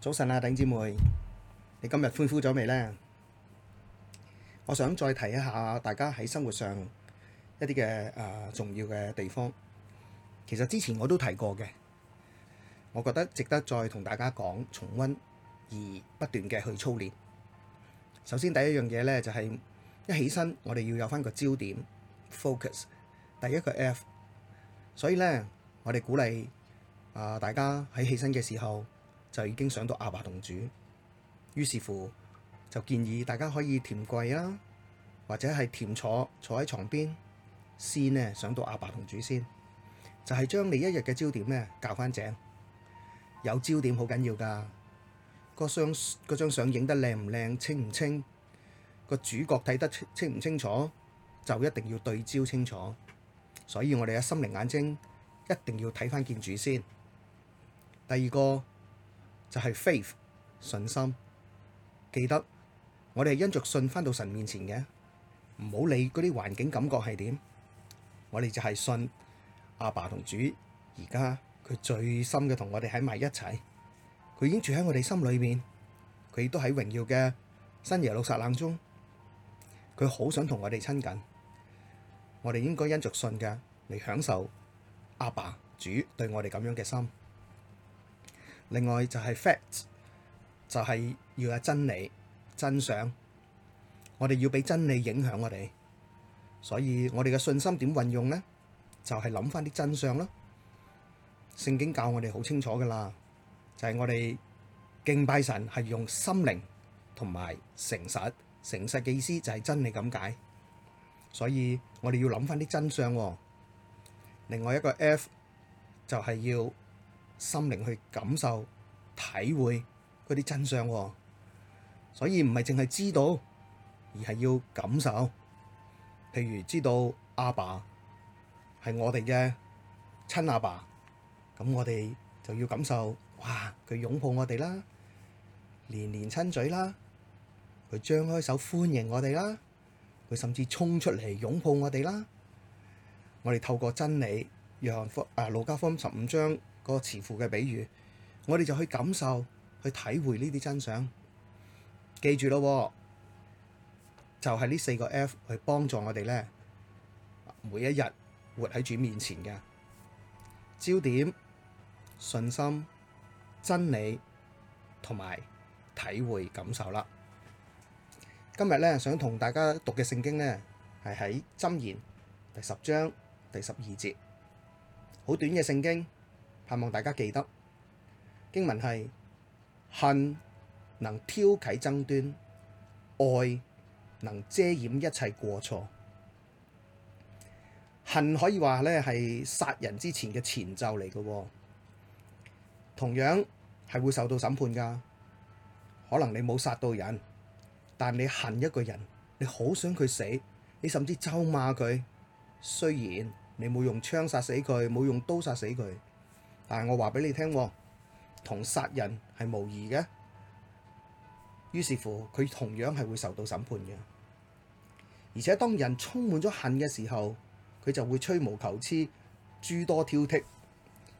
早晨啊，弟兄姊妹，你今日歡呼咗未呢？我想再提一下，大家喺生活上一啲嘅誒重要嘅地方，其實之前我都提過嘅，我覺得值得再同大家講重溫，而不斷嘅去操練。首先第一樣嘢呢，就係一起身，我哋要有翻個焦點 focus，第一個 F。所以呢，我哋鼓勵啊大家喺起身嘅時候，就已經想到阿爸同主，於是乎就建議大家可以填跪啦，或者係填坐坐喺床邊先呢，想到阿爸同主先，就係、是、將你一日嘅焦點咧校翻正，有焦點好緊要㗎。個相嗰張相影得靚唔靚、清唔清，個主角睇得清唔清楚，就一定要對焦清楚。所以我哋嘅心靈眼睛一定要睇翻見主先。第二個。就係 faith 信心，記得我哋係因着信返到神面前嘅，唔好理嗰啲環境感覺係點，我哋就係信阿爸同主，而家佢最深嘅同我哋喺埋一齊，佢已經住喺我哋心裏面，佢亦都喺榮耀嘅新耶路撒冷中，佢好想同我哋親近，我哋應該因着信嘅嚟享受阿爸主對我哋咁樣嘅心。另外就係 fact，就係要有真理真相，我哋要俾真理影響我哋，所以我哋嘅信心點運用呢？就係諗翻啲真相咯。聖經教我哋好清楚噶啦，就係、是、我哋敬拜神係用心靈同埋誠實，誠實嘅意思就係真理咁解，所以我哋要諗翻啲真相。另外一個 F 就係要。心靈去感受、體會嗰啲真相，哦，所以唔係淨係知道，而係要感受。譬如知道阿爸係我哋嘅親阿爸，咁我哋就要感受，哇！佢擁抱我哋啦，連連親嘴啦，佢張開手歡迎我哋啦，佢甚至衝出嚟擁抱我哋啦。我哋透過真理，約翰福啊，路加福音十五章。個慈父嘅比喻，我哋就去感受、去體會呢啲真相。記住咯，就係、是、呢四個 F 去幫助我哋咧，每一日活喺主面前嘅焦點、信心、真理同埋體會感受啦。今日咧，想同大家讀嘅聖經咧，係喺箴言第十章第十二節，好短嘅聖經。希望大家記得經文係恨能挑起爭端，愛能遮掩一切過錯。恨可以話咧係殺人之前嘅前奏嚟嘅，哦，同樣係會受到審判噶。可能你冇殺到人，但你恨一個人，你好想佢死，你甚至咒罵佢。雖然你冇用槍殺死佢，冇用刀殺死佢。但係我話俾你聽，同殺人係無異嘅。於是乎，佢同樣係會受到審判嘅。而且當人充滿咗恨嘅時候，佢就會吹毛求疵、諸多挑剔。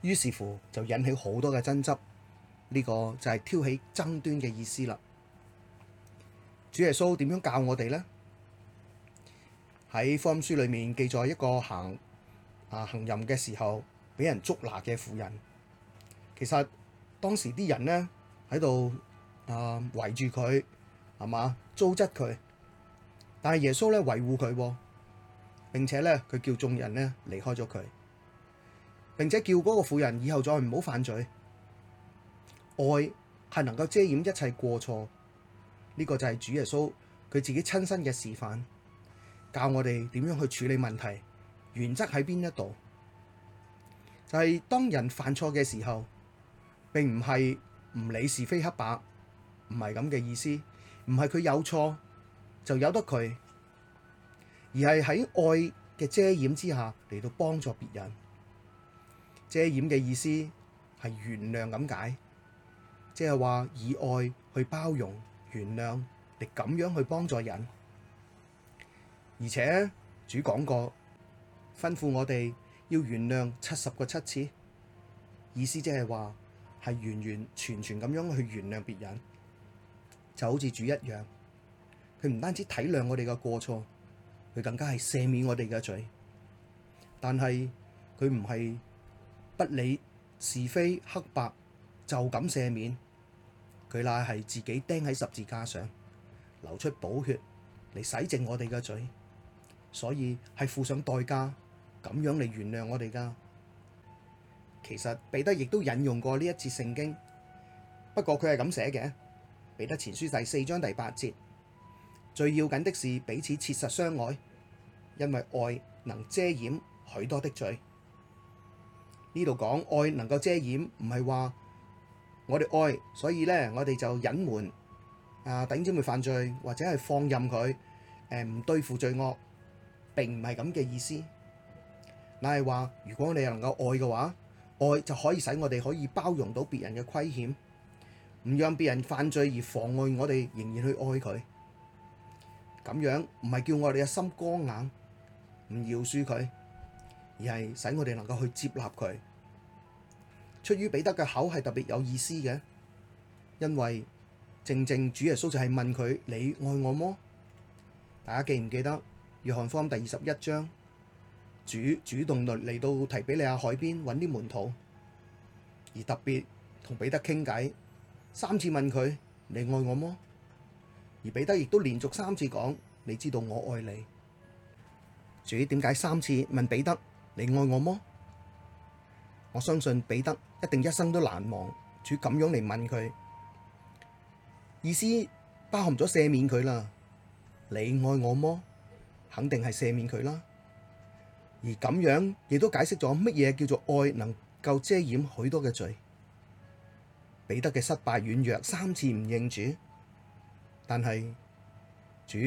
於是乎就引起好多嘅爭執。呢、這個就係挑起爭端嘅意思啦。主耶穌點樣教我哋呢？喺福音書裏面記載一個行啊行淫嘅時候。俾人捉拿嘅婦人，其實當時啲人呢喺度啊，圍住佢係嘛糟質佢，但係耶穌咧維護佢，並且咧佢叫眾人咧離開咗佢，並且叫嗰個婦人以後再唔好犯罪。愛係能夠遮掩一切過錯，呢個就係主耶穌佢自己親身嘅示範，教我哋點樣去處理問題，原則喺邊一度。但係當人犯錯嘅時候，並唔係唔理是非黑白，唔係咁嘅意思，唔係佢有錯就由得佢，而係喺愛嘅遮掩之下嚟到幫助別人。遮掩嘅意思係原諒咁解，即係話以愛去包容、原諒，嚟咁樣去幫助人。而且主講過吩咐我哋。要原諒七十個七次，意思即係話，係完完全全咁樣去原諒別人，就好似主一一樣，佢唔單止體諒我哋嘅過錯，佢更加係赦免我哋嘅罪。但係佢唔係不理是非黑白就咁赦免，佢乃係自己釘喺十字架上，流出寶血嚟洗淨我哋嘅罪，所以係付上代價。咁樣嚟原諒我哋㗎，其實彼得亦都引用過呢一節聖經，不過佢係咁寫嘅。彼得前書第四章第八節，最要緊的是彼此切實相愛，因為愛能遮掩許多的罪。呢度講愛能夠遮掩，唔係話我哋愛，所以呢，我哋就隱瞞啊，等佢哋犯罪或者係放任佢，誒唔對付罪惡，並唔係咁嘅意思。但係話，如果你又能夠愛嘅話，愛就可以使我哋可以包容到別人嘅虧欠，唔讓別人犯罪而妨礙我哋仍然去愛佢。咁樣唔係叫我哋嘅心剛硬，唔饒恕佢，而係使我哋能夠去接納佢。出於彼得嘅口係特別有意思嘅，因為正正主耶穌就係問佢：你愛我麼？大家記唔記得約翰福音第二十一章？主主動嚟嚟到提比利亞海邊揾啲門徒，而特別同彼得傾偈，三次問佢，你愛我麼？而彼得亦都連續三次講，你知道我愛你。主點解三次問彼得你愛我麼？我相信彼得一定一生都難忘，主咁樣嚟問佢，意思包含咗赦免佢啦。你愛我麼？肯定係赦免佢啦。而咁樣亦都解釋咗乜嘢叫做愛能夠遮掩許多嘅罪。彼得嘅失敗軟弱，三次唔認主，但係主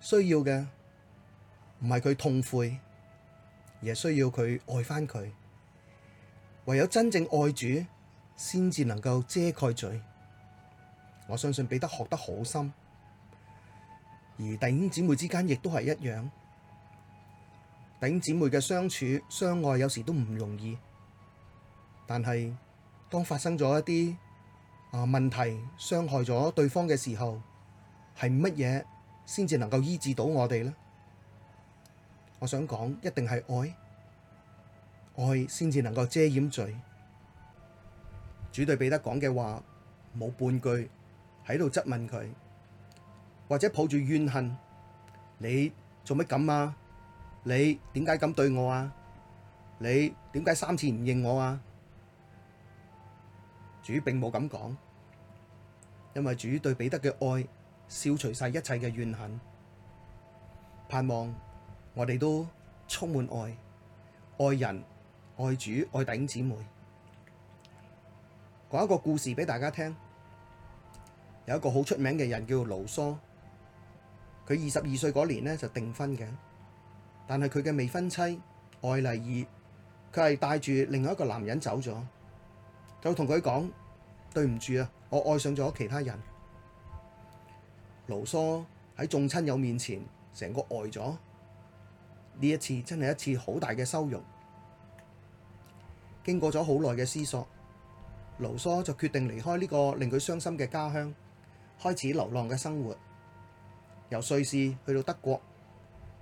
需要嘅唔係佢痛悔，而係需要佢愛翻佢。唯有真正愛主，先至能夠遮蓋罪。我相信彼得學得好深，而弟兄姊妹之間亦都係一樣。頂姊妹嘅相處相愛有時都唔容易，但係當發生咗一啲啊問題傷害咗對方嘅時候，係乜嘢先至能夠醫治到我哋呢？我想講，一定係愛，愛先至能夠遮掩罪。主對彼得講嘅話冇半句喺度質問佢，或者抱住怨恨，你做乜咁啊？你點解咁對我啊？你點解三次唔認我啊？主並冇咁講，因為主對彼得嘅愛消除晒一切嘅怨恨。盼望我哋都充滿愛，愛人、愛主、愛弟兄姊妹。講一個故事俾大家聽，有一個好出名嘅人叫盧梭，佢二十二歲嗰年呢就訂婚嘅。但係佢嘅未婚妻愛麗兒，佢係帶住另外一個男人走咗，就同佢講：對唔住啊，我愛上咗其他人。盧梭喺眾親友面前，成個呆咗。呢一次真係一次好大嘅羞辱。經過咗好耐嘅思索，盧梭就決定離開呢個令佢傷心嘅家鄉，開始流浪嘅生活，由瑞士去到德國。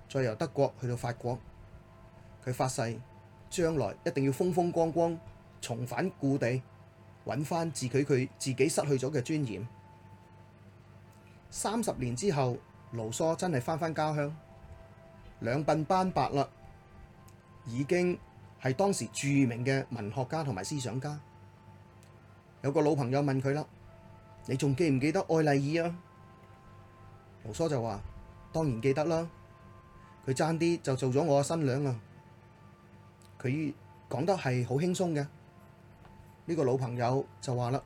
再由德國去到法國，佢發誓將來一定要風風光光重返故地，揾翻自佢佢自己失去咗嘅尊嚴。三十年之後，盧梭真係翻返家鄉，兩鬢斑白啦，已經係當時著名嘅文學家同埋思想家。有個老朋友問佢啦：你仲記唔記得愛麗爾啊？盧梭就話：當然記得啦。佢爭啲就做咗我嘅新娘啊！佢講得係好輕鬆嘅。呢個老朋友就話啦：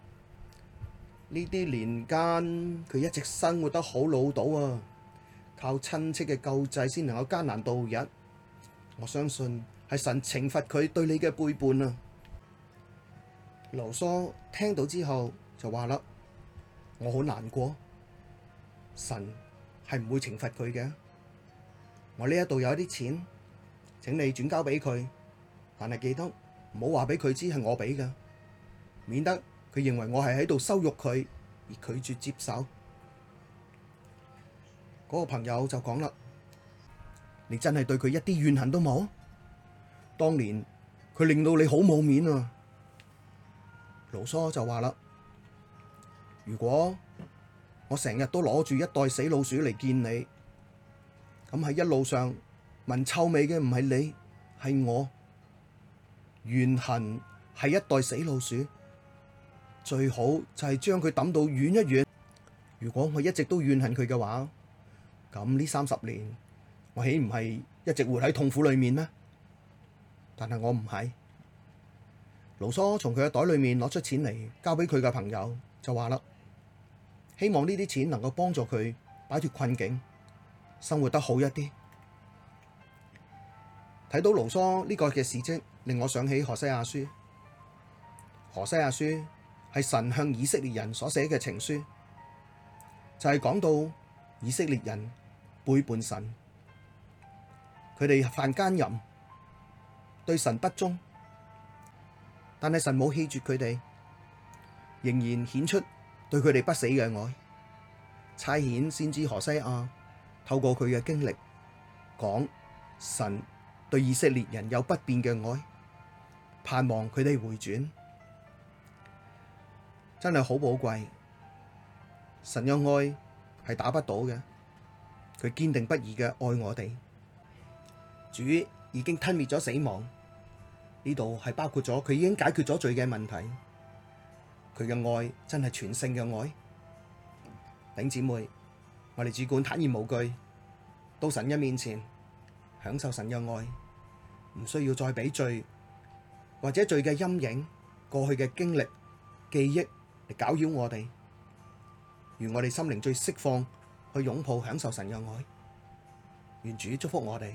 呢啲年間佢一直生活得好潦倒啊，靠親戚嘅救濟先能夠艱難度日。我相信係神懲罰佢對你嘅背叛啊！流蘇聽到之後就話啦：我好難過，神係唔會懲罰佢嘅。我呢一度有一啲錢，請你轉交俾佢，但係記得唔好話俾佢知係我俾噶，免得佢認為我係喺度羞辱佢而拒絕接受。嗰個朋友就講啦：你真係對佢一啲怨恨都冇？當年佢令到你好冇面啊！盧梭就話啦：如果我成日都攞住一袋死老鼠嚟見你。咁喺一路上聞臭味嘅唔係你，係我。怨恨係一袋死老鼠，最好就係將佢抌到遠一遠。如果我一直都怨恨佢嘅話，咁呢三十年我豈唔係一直活喺痛苦裡面咩？但係我唔係。盧梭從佢嘅袋裏面攞出錢嚟交俾佢嘅朋友，就話啦，希望呢啲錢能夠幫助佢擺脫困境。生活得好一啲，睇到盧梭呢個嘅事跡，令我想起何西阿書。何西阿書係神向以色列人所寫嘅情書，就係、是、講到以色列人背叛神，佢哋犯奸淫，對神不忠，但係神冇棄絕佢哋，仍然顯出對佢哋不死嘅愛，差遣先知何西阿。透過佢嘅經歷講，神對以色列人有不變嘅愛，盼望佢哋回轉，真係好寶貴。神嘅愛係打不倒嘅，佢堅定不移嘅愛我哋。主已經吞滅咗死亡，呢度係包括咗佢已經解決咗罪嘅問題。佢嘅愛真係全勝嘅愛，丁姊妹。我哋只管坦然無懼，到神嘅面前享受神嘅愛，唔需要再俾罪或者罪嘅陰影，過去嘅經歷、記憶嚟搞擾我哋，如我哋心靈最釋放，去擁抱享受神嘅愛，願主祝福我哋。